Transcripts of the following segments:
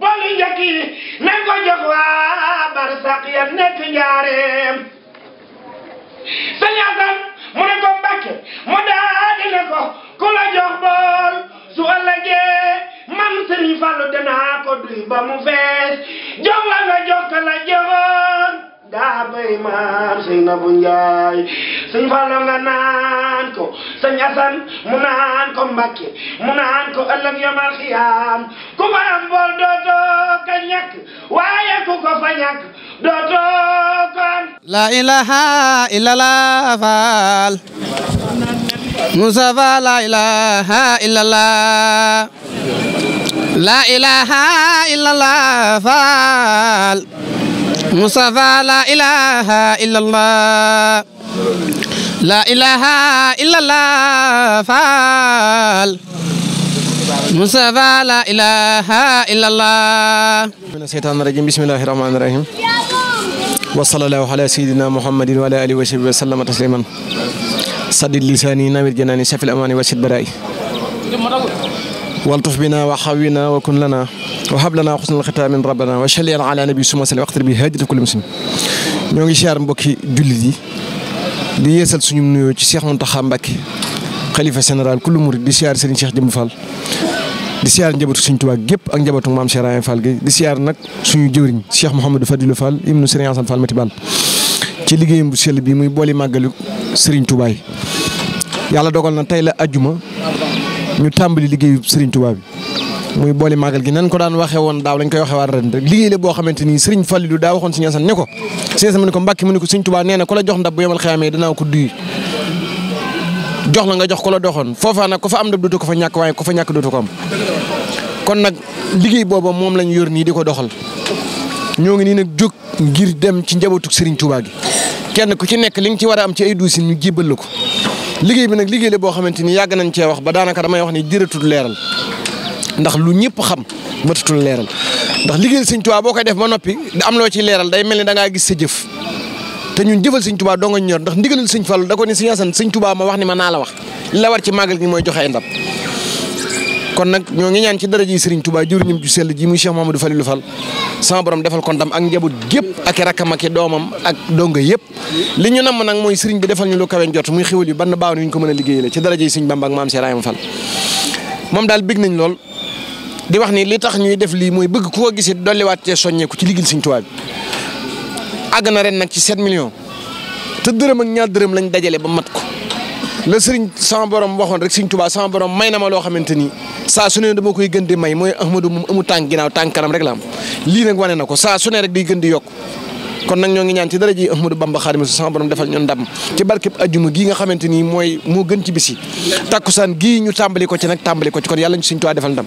bolu njëkk yi ko jox waa barsaq ya nekk njaareem sëñ Asan mu ne ko Mbàkke mu daa di ne ko ku la jox bool su ëllëgee man Sëriñ Fallu danaa ko duy ba mu fees jox la nga jox la jox daa bay maam sëñ na bu njaay sëñ Fallu nga naan ko sëñ Asan mu naan ko Mbàkke mu naan ko ëllëg yomal xiyaam ku ko am bool dootoo ko ñàkk waaye ku ko fa ñàkk dootoo ko am la ilaha illallah faal Musa fa la ilaha illallah la ilaha illallah faal مصطفى لا إله إلا الله لا إله إلا الله فعل مصطفى لا إله إلا الله من الشيطان الرجيم بسم الله الرحمن الرحيم وصلى الله على سيدنا محمد وعلى آله وصحبه وسلم تسليما صدد لساني نامر جناني سفل الأمان وسيد برائي والطف بنا وحاوينا وكن لنا وهب لنا حسن الختام من ربنا وشليان على نبي سما صلى وقت bi hajjatu kulli muslim ñoo ngi siyaar mbokki jullit yi di yeesal suñu nuyoo ci Cheikh Mountakha Mbacké xalifa général kullu murid di siyaar Serigne Cheikh Jëmm Fall di siyaar njabootu Serigne Touba gépp ak njabootu maam Cheikh Rahim Fall gi di siyaar nag suñu jëwriñ Cheikh Mouhamadou Fadilou Fall ibnu Serigne Assane Fall Mati Bal ci liggéeyam bu sell bi muy boole màggalu Serigne Touba yi yàlla dogal na tey la ajjuma ñu tàmbali liggéeyu Serigne Touba bi muy boole màggal gi nan ko daan waxee woon daaw lañ koy waxee waat ren rek liggéey la boo xamante ni Serigne Fallilou daa waxoon Serigne Assane ne ko Serigne Assane ne ko Mbàkke mu ne ko Serigne Touba nee jox ndab bu ko jox ko la doxoon foofaa nag ko fa am ndab dootu ko fa ñàkk waaye ko fa ñàkk am kon nag liggéey booba moom lañ yor nii di ko doxal ñoo ngi nii nag jóg ngir dem ci njabootu Serigne Touba gi kenn ku ci nekk li nga ci war a am ci ay duusi ñu jibal la ko liggéey bi nag liggéey la boo xamante ni yàgg nañ cee wax ba daanaka damay wax ni jërëtul leeral ndax lu ñëpp xam mëtatul leeral ndax liggéey Sëñ Tuubaa boo koy def ba noppi am loo ci leeral day mel ni da ngaa gis sa jëf te ñun jëfal Sëñ Tuubaa doo nga ñor ndax ndigalul Sëñ Fallu da ko ni Sëñ Asan Sëñ Tuubaa ma wax ni ma naa la wax li la war ci màggal gi mooy joxe ay ndab kon nag ñoo ngi ñaan ci dara ji Serigne Touba jëriñam ju sell ji muy Cheikh Mamadou Falilou Fall sama borom defal ko ndam ak njaboot gépp ak rakkam ak doomam ak donga yëpp li ñu namm nag mooy Serigne bi defal ñu lu kawe njot muy xéwal yu ban baaw yu ñu ko mën a moom daal bég nañ lool di wax ni li tax ñuy def lii mooy bëgg ku ko gisee dolliwaat cee soññeeku ci liggéey Serigne Touba bi àgg na ren nag ci 7 millions te dërëm ak ñaar dërëm lañ dajale ba mat ko la Serigne sama borom waxoon rek Serigne Touba sama borom may na ma loo xamante ni saa su ne dama koy gën di may mooy Ahmadou moom mu tànk ginnaaw tànk kanam rek la am lii nag wane na ko saa su ne rek di gën di yokk kon nag ñoo ngi ñaan ci dara ji Ahmadou Bamba Xaadimu sama borom defal ñun ndam ci barkeb ajjuma gii nga xamante ni mooy moo gën ci bis yi saan gii ñu tàmbali ko ci nag tàmbali ko ci kon yàlla ñu Sëriñ Tuubaa defal ndam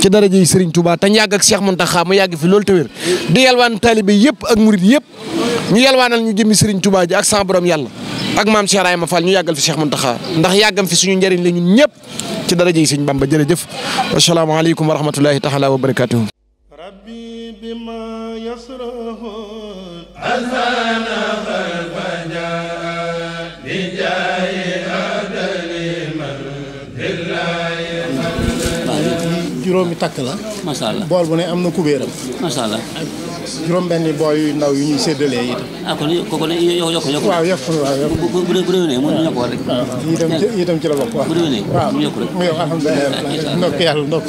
ci dara ji te ñu yàgg ak Cheikh Mountakha mu yàgg fi loolu te wér di yalwaan taalibe yëpp ak murit yëpp ñu yalwaanal ñu jëmi Sëriñ Tuubaa ji ak sama borom yàlla ak maam Cheikh Ibrahima Fall ñu yàggal fi Cheikh Mountakha ndax yàggam fi suñu njëriñ la ñun ñëpp ci daraja yi Sëñ Bamba jërëjëf assalaamu aleykum wa rahmatullahi taala wa barakaatuhu rabbi bima yasrahu alhana juróomi takk la macha bool bu ne am na kubéeram juróom-benni booy yu ndaw yu ñuy séddalee yi. ah kon kooku nag yokku yokku yokku. waaw yokku waaw yokku bu bu bu déwénee mën nañu ko war rek. waaw yi itam ci yi itam ci la bokk waaw. bu déwénee mu yokku rek waaw mu yokku alhamdulilah ndokk yàlla ndokk.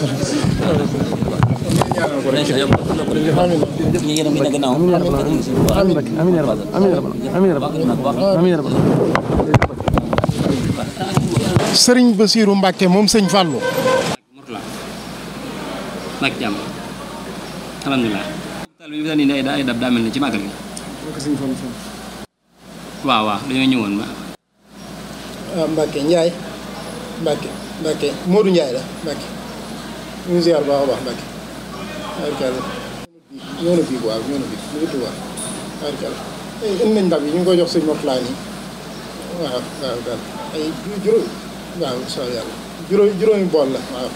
sëriñ Bassirou Mbacke moom sëñ Fallou. alhamdulilah. lu ñu ne ay dab daa mel ni ci màggal gi. waaw waaw dañoo yi ñu ngi koy jox suñu mopp laan ay juróom waaw so yàlla juróomi juróomi bool la waaw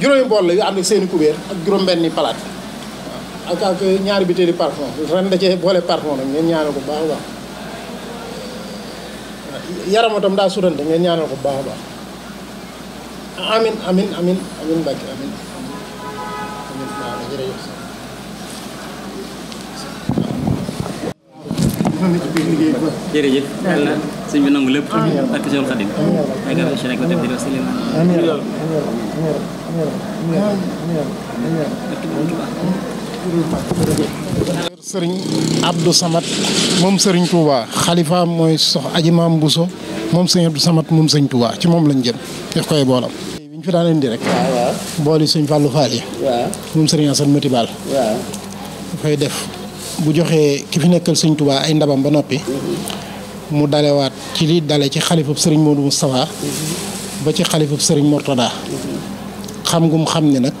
juróomi bool la yu ànd seeni kubéer ak juróom-benni palaat ak ak ñaari bitéeli parfum ren da cee boole parfum nag ngeen ñaanal ko bu baax a baax yaramatam daa surante ngeen ñaanal ko bu baax a baax amin amin amin amin amin amin si rek la sëriñ Abdou Samad moom sëriñ Touba xalifaam mooy sox aji maam Bousso moom sëriñ Abdou Samad moom sëriñ Touba ci moom lañ jëm def koy boolam bi ñu fi daan indi rek booli sëriñ Fallou Fall yi moom sëriñ Assane Mati dafay def bu joxee ki fi nekkal sëriñ Touba ay ndabam ba noppi mhm. mu dalewaat ci li dale ci xalifab sëriñ Modou Moustapha mhm. ba ci xalifab sëriñ Mortada mhm. xam ngum xam ne nag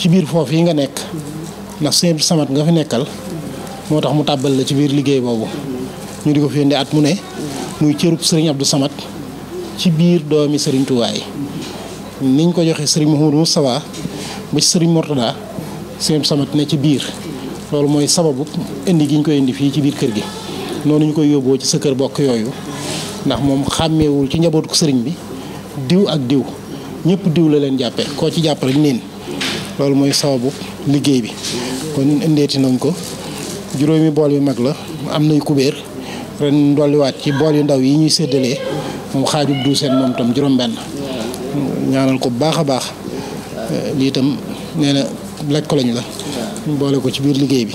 ci bir fofu yi nga nek ndax sëñ samat nga fi nekkal motax mu tabal la ci bir liggey bobu ñu diko fi at mu ne muy cërub serigne Abdou Samad ci bir doomi serigne touway niñ ko joxe serigne mohamed Moustapha ba ci serigne Mortada sëñ samat ne ci bir loolu moy sababu indi giñ ñu koy indi fi ci bir kër gi nonu ñu koy yobbo ci sa kër bokk yoyu ndax mom xamewul ci njabotu ko bi diw ak diw ñepp diw la leen jappé ko ci japp rek neen loolu mooy sawabu liggéey bi kon indeeti nañ ko juróomi bool yu mag la am nay kubéer ren dolliwaat ci bool yu ndaw yi ñuy séddalee moom xaajub du seen moom tam juróom-benn ñaanal ko bu baax a baax eh, lii tam nee na lekk ko lañ la boole ko ci biir liggéey bi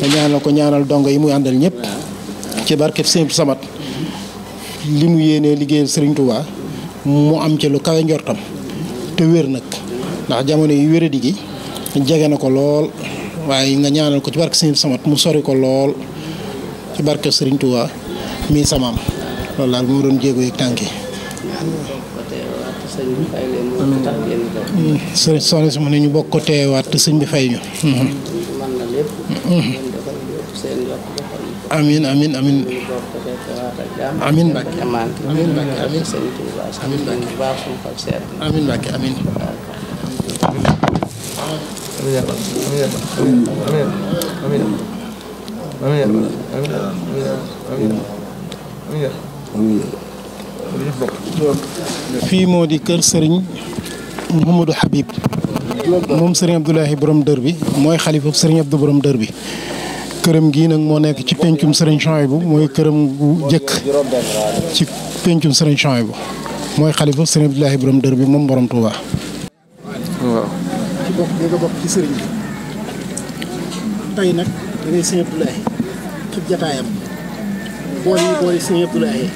nga ñaanal ko ñaanal dongo yi muy àndal ñëpp ci barkeb Sëñ Samat li mu yéenee liggéeyal Sëriñ Tuubaa mu am ci lu kawe njortam te wér nag ndax jamono yi wéré digi jege na ko lool waye nga ñaanal ko ci barke sëriñ samat mu sori ko lool ci barke sëriñ tuwa mi samam loolu la mo doon jéego yi tànki Serigne soxna si ñu bokk ko Serigne bi fay ñu amin amin amin amin amin mbàkke amin amin amin mbàkke amin امين يا رب امين يا رب امين امين امين يا رب امين امين امين يا رب fii moo di kër Serigne Mouhamadou Habib moom Serigne Abdoulahi borom dër bi mooy xalifa Serigne Abdou borom dër bi këram gii nag moo nekk ci pencum Serigne Chouaïbou mooy këram gu jëkk ci pencum Serigne Chouaïbou mooy xalifa Serigne Abdoulahi borom dër bi moom borom Touba waaw ci bokk bi nga bokk ci sëriñ bi tey nag da ngay sëñ Abdoulaye ci jataayam booy yi booy sëñ Abdoulaye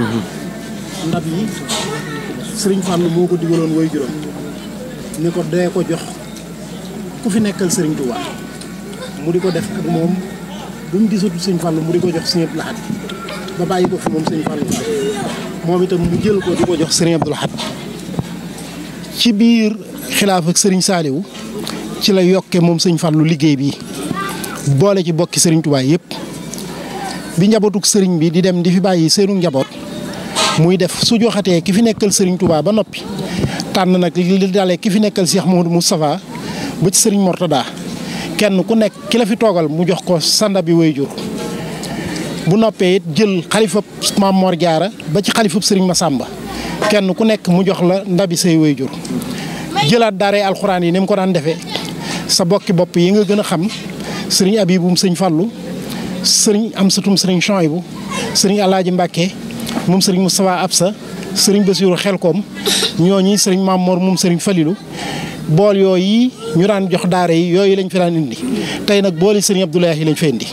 mhm. ndab yi sëriñ Fallou moo ko digaloon woy juróom ni ko dee ko jox ku fi nekkal sëriñ Touba mu di ko def ak moom bu mu gisatu sëñ Fallou mu di ko jox sëñ Abdou Lahad ba bàyyi ko fi moom sëñ Fallou moom itam mu jël ko di ko jox sëriñ Abdou Lahad ci biir xilaaf ak sëriñ Saaliwu ci la yokke moom sëñ Fàllu liggéey bi boole ci bokki sëriñ Tuubaa yëpp bi njabootuk sëriñ bi di dem di fi bàyyi seenu njaboot muy def su joxatee ki fi nekkal sëriñ tubaay ba noppi tànn nag li dalee ki fi nekkal Cheikh Mouhamadou Moustapha ba ci sëriñ Mortada kenn ku nekk ki la fi toogal mu jox ko sanda bi wayjur bu noppee it jël xalifab Maam Mor Jaara ba ci xalifab sëriñ ma sàmba kenn ku nekk mu jox la ndabi say wayjur jëlaat daaree alxuraan yi ni mu ko daan defee sa bokki bopp yi nga gën a xam sëriñ abibum sëñ fallu sëriñ am satum sëriñ Chouaïbou sëriñ alaaji mbàkke moom sëriñ Moustapha Absa sëriñ koom ñoo ñooñi sëriñ Mamor moom sëriñ falilu bool yooyu ñu daan jox daare yi yooyu lañ fi daan indi tey nag booli sëriñ Abdoulaye yi lañ fa indi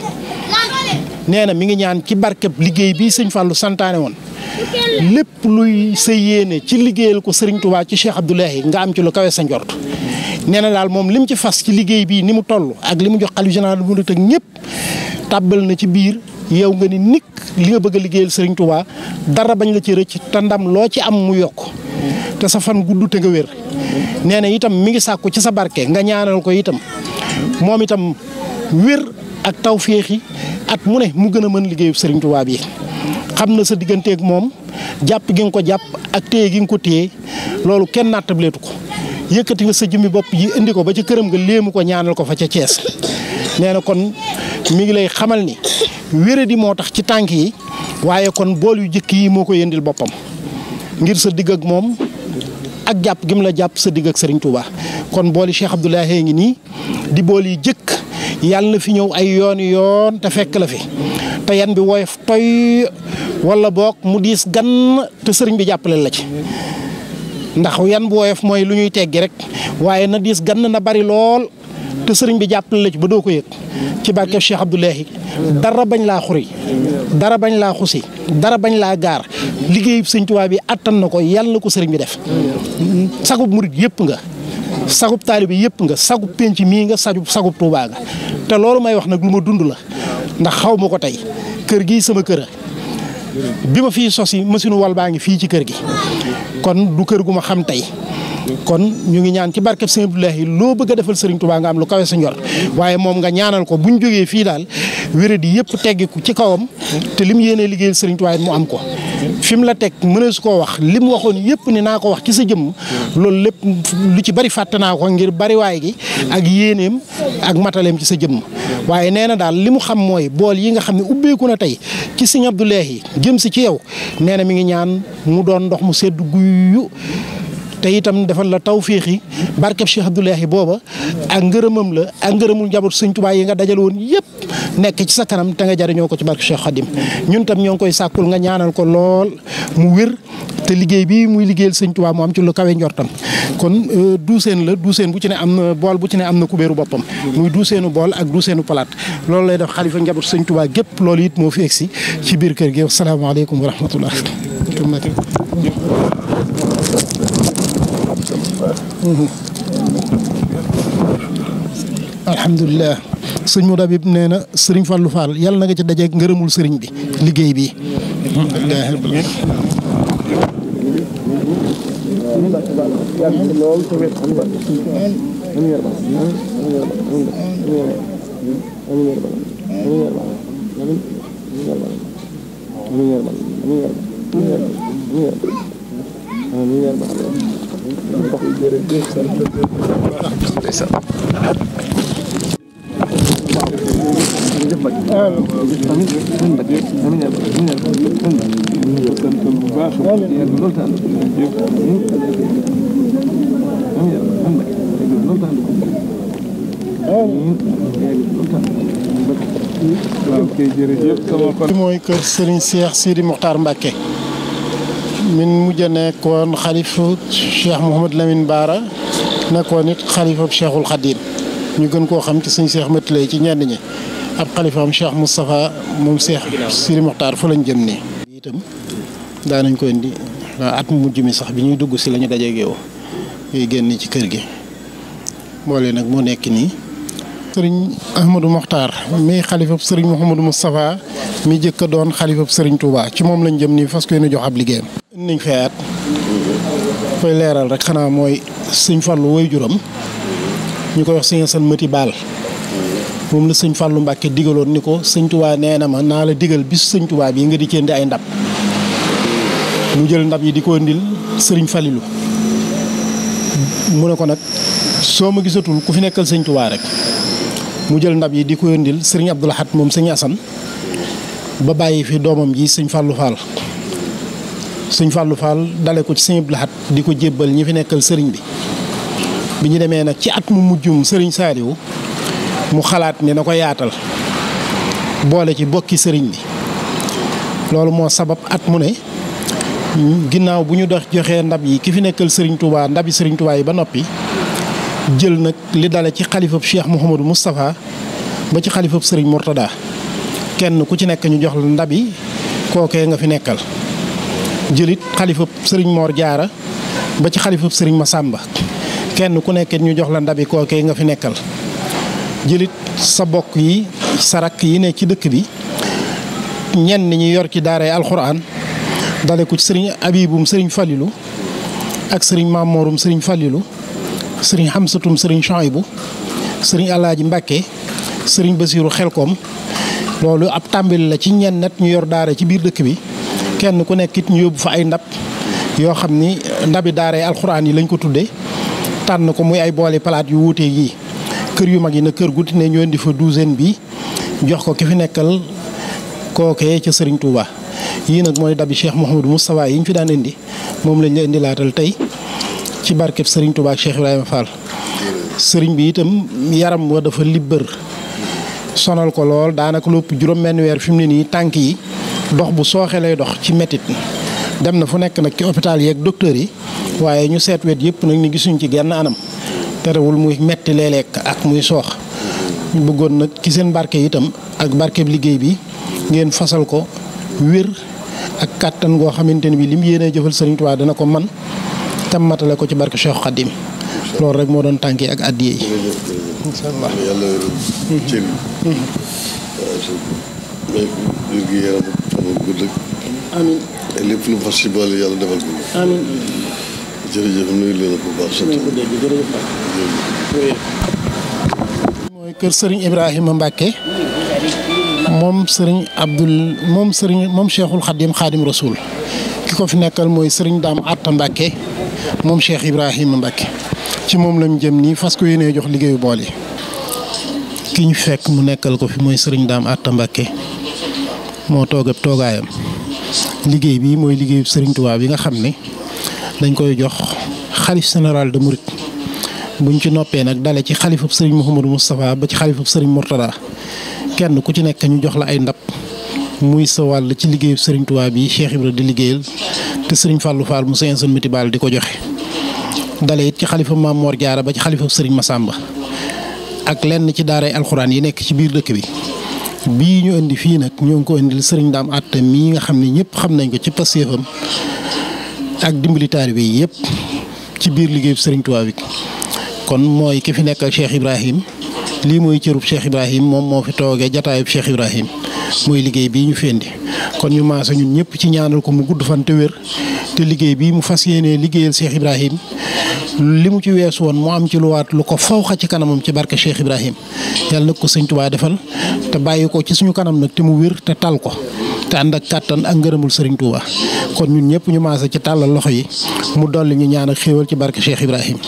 neena mi ngi ñaan ci barke liggey bi seigne fallu santane won lepp luy seyene ci liggeyel ko Serigne Touba ci Cheikh Abdoulahi nga am ci lu kawe sa ndort neena dal mom lim ci fas ci liggey bi ni mu tollu ak li jox xalifa général bu ndut ak ñepp tabal na ci bir yow nga ni nik li nga bëgg liggeyel liggéeyal Serigne Touba dara bañ la ci recc tandam lo ci am mu yok te sa fan guddu te nga wër neena itam mi ngi sakku ci sa barke nga ñaanal ko itam mom itam wir ak tawféex yi at mu ne mu gëna sering mën Serigne Touba bi xamna sa sa ak mom japp gi nga ko japp ak téy gi nga ko téy lolu kenn nattableetu ko yëkëti nga sa jëmi bop yi indi ko ba ci kërëm nga lému ko ñaanal ko fa ca néna kon mi ngi lay xamal ni wéré di moo ci tank yi kon bool yu jëk yi moko yëndil bopam ngir sa digg ak mom ak japp gi mu la japp sa digg ak Serigne Touba kon booli Cheikh abdullah ngi di bool jëk yalla na fi ñew ay yoon yoon te fekk la fi te bi woyef toy wala bok mu dis gan te serigne bi jappale la ci ndax yan bu woyef moy lu ñuy teggi rek waye na dis gan na bari lool te serigne bi jappale la ci ba do ko yek ci barke Cheikh abdullah dara bañ la xuri dara bañ la xusi dara bañ la gar liggey serigne bi attan nako ko ko serigne bi def sagu murit yep nga sagub taalibe yëpp nga sagub penc mii nga sagub sagub Tuubaa nga te loolu may wax nag lu ma dund la ndax xaw ma ko tey kër gi sama kër a bi ma fii sosi machine wal baa ngi fii ci kër gi kon du kër gu ma xam tey kon ñu ngi ñaan ci barkeb sëñ Abdoulahi loo bëgg a defal Serigne Touba nga am lu kawe sa njor waaye moom nga ñaanal ko bu ñu jógee fii daal wéré di yëpp teggiku ci kawam te lim yéenee liggéeyal Serigne Touba mu am ko fi la teg mënees koo wax li mu waxoon yëpp ni naa ko wax ci sa jëmm. loolu lépp lu ci bari fàtte naa ko ngir bariwaay gi. ak yéeneem ak mataleem ci sa jëmm. waaye nee na daal li mu xam mooy bool yi nga xam ne ubbeeku na tey ci Sëñ Abdoulaye yi jëm si ci yow nee na mi ngi ñaan mu doon ndox mu sedd guyu te itam defal la tawféex yi barkeb Cheikh Abdoulahi booba ak ngërëmam la ak ngërëmul njaboot sëñ Tuubaa yi nga dajal woon yëpp nekk ci sa kanam te nga jariñoo ko ci barke Cheikh Khadim ñun tam ñoo ngi koy sàkkul nga ñaanal ko lool mu wér te liggéey bi muy liggéeyal sëñ Tuubaa am ci lu kawe njortam kon euh, duuseen la duuseen bu ci ne am na bool bu ci ne am na kubéeru boppam muy duuseenu bool ak duuseenu palaat loolu lay def xalifa njabootu sëñ Tuubaa gépp loolu it moo fi egsi ci biir kër gi asalaamaaleykum wa alhamdulilah sëñ Modou Habib nee na sëriñ Fallou Fall yàlla na nga ci dajeeg ngërëmul sëriñ bi liggéey bi. amiin mooy kër Serigne Cheikh Sidi Mokhtar Mbacké min mujj a nekkoon xalifu Cheikh Mouhamad Lamine Baara nekkoon it xalifa Cheikhul Khadim ñu gën koo xam ci sëñ Cheikh Matilay ci ñenn ñi ab xalifaam Cheikh Moustapha moom Cheikh Siri Mokhtar fa lañ jëm nii. itam daanañ ko indi at mu mujj mi sax bi ñuy dugg si lañu ñu dajeeg yow génn ci kër gi boole nag moo nekk nii. sëriñ Ahmadou Mokhtar mi xalifab sëriñ Mouhamadou Moustapha mi jëkk doon xalifab sëriñ Touba ci moom lañ jëm nii fas yéene jox ab liggéeyam. niñ xeyaat koy leeral rek xanaa mooy sëñ Fallu woy juram ñu ko wax sëñ Asan Mati Baal moom la sëñ Fallu Mbàkke digaloon ni ko sëñ Touba nee na ma naa la digal bis sëñ Touba bii nga di cëndi ay ndab mu jël ndab yi di ko ndil sëriñ Falilu mu ne ko nag soo ma gisatul ku fi nekkal sëñ Touba rek. mu jël ndab yi di ko yëndil sëriñ Abdou Lahad moom sëñ asan ba bàyyi fi doomam ji sëñ Fallou Fall sëñ Fallou Fall dale ko ci sëñ Abdou di ko jébbal ñi fi nekkal sëriñ bi bi ñu demee nag ci at mu mujjum sëriñ Saliou mu xalaat ni na ko yaatal boole ci bokki sëriñ bi loolu moo sabab at mu ne ginnaaw bu ñu dox joxee ndab yi ki fi nekkal sëriñ Touba ndabi sëriñ Touba yi ba noppi jël nag li dale ci xalifa Cheikh Mouhamadou Moustapha ba ci xalifa Serigne Mourtada kenn ku ci nekk ñu jox la ndab yi nga fi nekkal jëlit xalifab Serigne Mor Jaara ba ci xalifab Serigne Massamba kenn ku nekk ñu jox la ndab yi nga fi nekkal jëlit sa bokk yi sa rakk yi ne ci dëkk bi ñenn ñi yor ci daaray alxuraan dale ko ci sëriñ Abibum sëriñ Fallilou ak Serigne Mamorum Serigne Fallilou sëriñ Xamsatum sëriñ bu sëriñ Alaaji Mbàkke sëriñ Basiiru koom loolu ab tàmbili la ci ñenn nat ñu yor daara ci biir dëkk bi kenn ku nekk it ñu yóbbu fa ay ndab yoo xam ni eh, ndabi daare alxuraan yi lañ ko tuddee tànn ko muy ay boole palaat yu wuute yii kër yu mag yi na kër guddi ne ñoo indi fa douzaine bi jox ko ki fi nekkal kookee ca sëriñ Touba yii nag mooy dabi Cheikh Mouhamadou Moustapha yi ñu fi daan indi moom lañ la laatal tey ci barkeb sëriñ Touba Cheikh Ibrahima Fall sëriñ bi itam yaram wa dafa libbër sonal ko lool daanaka lépp juróom-benn weer fi mu ne nii tànk yi dox bu sooxe lay dox ci métit dem na fu nekk nag ci hôpital yeeg docteur yi waaye ñu seet wet yëpp nag ni gisuñ ci genn anam terewul muy metti léeg-léeg ak muy soox ñu bëggoon nag ci seen barke itam ak barkeb liggéey bi ngeen fasal ko wér ak kàttan goo xamante ne bi lim yéenee jëfal sëriñ Touba dana ko man tam matale ko ci barke Cheikh Khadim loolu rek moo doon tànki ak addiya yi mhm. mhm. lu fas si kër sëriñ Ibrahima Mbacke moom sëriñ Abdoul moom Serigne moom Cheikhul Khadim ki ko fi nekkal mooy sëriñ daam Atta Mbacke moom Cheikh Ibrahima Mbacke ci moom lañ jëm nii fas ko yéenee jox liggéeyu boole ki ñu fekk mu nekkal ko fi mooy sëriñ daam Atta Mbacke moo toog ab toogaayam liggéey bii mooy liggéeyu sëriñ Tuubaa bi nga xam ne dañ koy jox xalif général de Mouride buñ ci noppee nag dale ci xalifub sëriñ Mouhamadou Moustapha ba ci xalifub sëriñ Mourtada kenn ku ci nekk ñu jox la ay ndab. muy sa wàll ci liggéeyu Serigne Touba bi Cheikh ibrahim di liggéeyal te Serigne Fallou Fall mu sañoon seen mitibaal di ko joxe dale ci khalifa Maam Mor Jaara ba ci khalifa Serigne Massamba ak lenn ci daara alxuraan yi nek ci biir dëkk bi. bi ñu andi fi nak ñu ko andi Serigne dam Atta mi nga xamni ñëpp xam nañ ko ci pasteefam ak dimbali taalibe yëpp ci biir liggéeyu Serigne Touba bi kon moy ki fi nek Cheikh Ibrahim lii mooy cërub Cheikh Ibrahim mom mo fi toge jotaay Cheikh Ibrahim. mooy liggéey bii ñu fendi kon ñu maase ñun ñëpp ci ñaanal ko mu gudd fante te wér te liggéey bii mu fas yéenee liggéeyal Cheikh Ibrahim li mu ci weesu woon mu am ci luwaat lu ko fawxa ci kanamam ci barke Cheikh Ibrahim yàlla nag ko sëñ Tuubaa defal te bàyyi ko ci suñu kanam nag te mu wér te tal ko te ànd ak kàttan ak ngërëmul Serigne Touba kon ñun ñëpp ñu maase ci tàllal loxo yi mu dolli ñu ñaan ak xéewal ci barke Cheikh Ibrahim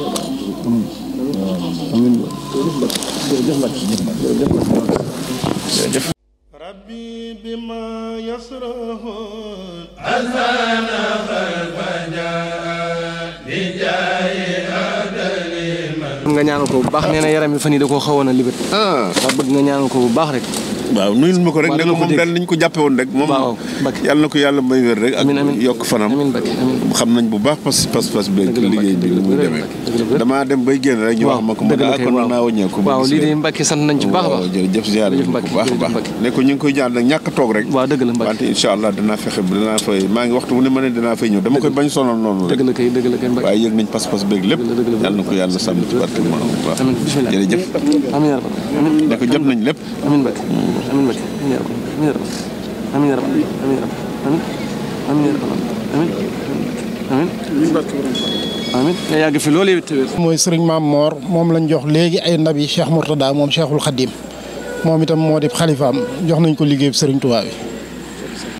jërëjëf rabbi bima yasrahu alhana falfaja bi jaay adali nga ñaanal ko bu baax nee yaram yi fan yi da koo xawoon a liberté ah. bëgg nga ñaanal ko bu baax rek waaw nuyul ma ko rek ne nañ ko jàppe woon rek moom yàlla na ko yàlla may wér rek ak yokk fanam xam nañ bu baax pas pas pas liggéey bi muy demee damaa dem bay génn rek ñu wax ma ko ma daa kon a baax jërëjëf ziar ne ko ñu ngi koy la allah danaa fexe bi danaa fay maa ngi waxtu bu ne ma ne danaa fay ñëw dama koy bañ sonal noonu rek waaye yëg nañ pas pas beeg lépp yàlla na ko yàlla sàmm ci barke ma am baax jërëjëf ne ko jot nañ lépp امين مجد امين يا رب امين يا رب امين يا رب امين يا رب امين امين يا رب امين امين amiin yàgg fi loolu it mooy sëriñ maam Mor moom lañ jox léegi ay ndab yi Cheikh Mourtada moom Cheikhul Khadim moom itam moo di xalifaam jox nañ ko liggéey sëriñ Tuubaa bi